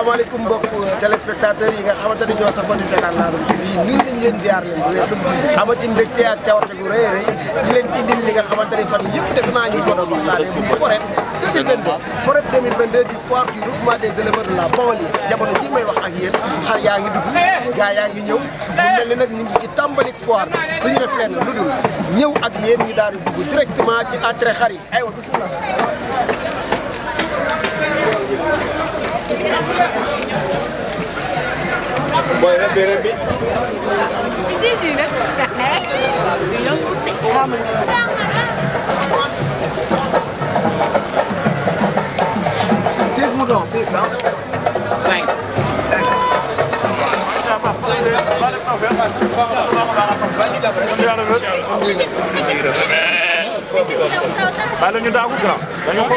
asalaamaaleykum mbokk téléspectateurs yi nga xamante ni ñoo safoo di seetaan Ladoum TV nuyu nañ leen ama ci mbégte ak cawarte gu rëy rëy di leen indil li nga xamante ni fan yëpp def naa ñu doon waxtaane bu foret 2022 foret 2022 di foire du regroupement des éleveurs de yaa ngi dugg gaa yaa ngi ñëw mu mel ni nag ñu ngi ci tàmbalik foire bi du leen lu dul ñëw ak yéen ñu daal di dugg directement ci entrée xar booy rëbbi rëbbi. si si rek rek yombul de. six moutons six ah. cinq. cinq. Bale ñu daagu grand dañu ko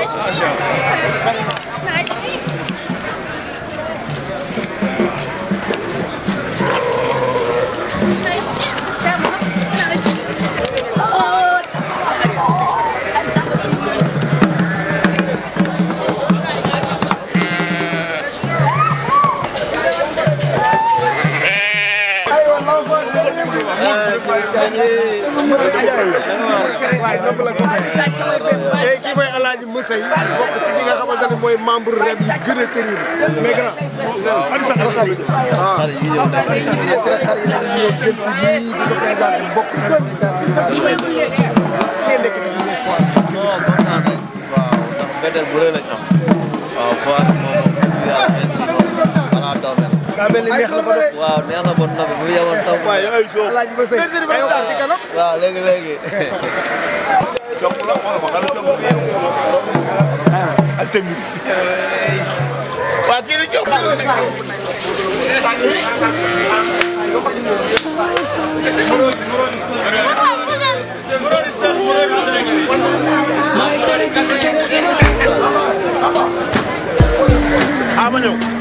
waaye kii mooy Alaaji Moussa yi bokk ci ki nga xamante ne mooy membre reb yi gën a terrible mais grand xar yi ñëw gën si nii di ko présenté bokk waaw ndax bu rëy lañ am waaw foire moom moom daa mel ni neex na ba doon waaw neex na ba doon bu yemoon taw. waaye ay soo laaj ba sëy waaw ci kanam. waaw léegi léegi. waa kii di jóg. ah ma ñëw.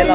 Ela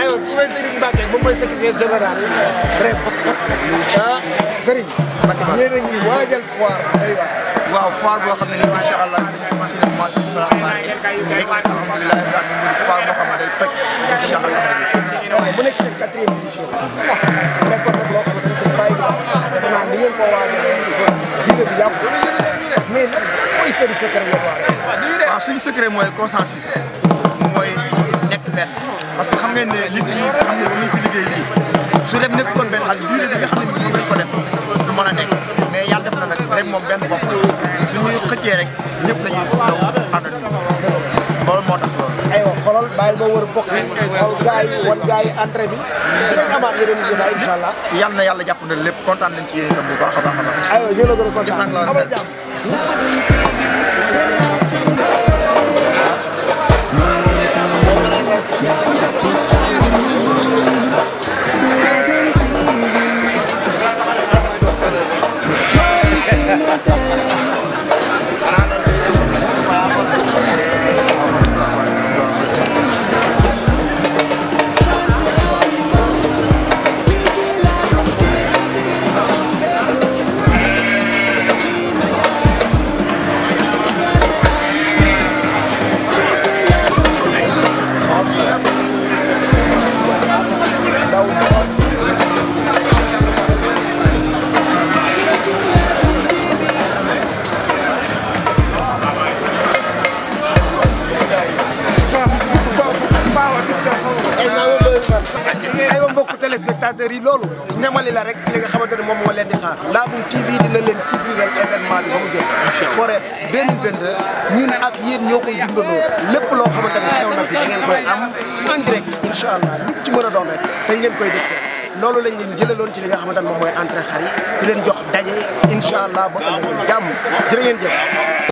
mooy secrétaire général ren ah Serigne. yéen a ngi waajal foire day waaw foire boo xam ne nii incha allah dañ ko fas yéene commencé bisimilah rahmaani rahiim léegi alhamdulilah ibrahima mu ngi foire boo xam ne day toj incha allah. waaw mu nekk seen quatrième édition. d'accord ah, nag loo xamante ne seen bàyyi bi maanaam ni ngeen ko waajalee jiite bi yàqu mais lan mooy seen secret waaw suñu secret mooy consensus mooy nekk benn. ngeen ne li fi ñuy xam ne ñu fi liggéey lii su rek nekkoon benn at durée bi nga xam ne moom ngeen ko def du mën a nekk mais yàlla def na nag rek moom benn bopp suñuy xëccee rek ñëpp dañuy daw ànd ak ñoom loolu moo tax loolu. aywa xoolal bàyyi ba wër box yi xool gars yi wan gars yi entrée bi dinañ amaat yeneen jotaay incha allah. yal na yàlla jàpp na lépp kontaan nañ ci yéen itam bu baax a baax a baax. aywa ñu ngi la gën a kontaan gis naa la aywa mbokk téléspectateurs yi loolu ñamali la rek ci li nga xamante ne moom moo leen di xaar Ladoum TV dina leen couvriral événement bi ba mu jël Forêt 2022 ñun ak yéen ñoo koy dundandoo lépp loo xamante ne xew na fi ngeen koy am en direct incha allah ci mën a doon rek dañ ngeen koy dëkkee loolu lañ leen jëlaloon ci li nga xamante ne moom mooy entrée xar yi di leen jox daje incha allah ba ëllëg jàmm jërë ngeen jëf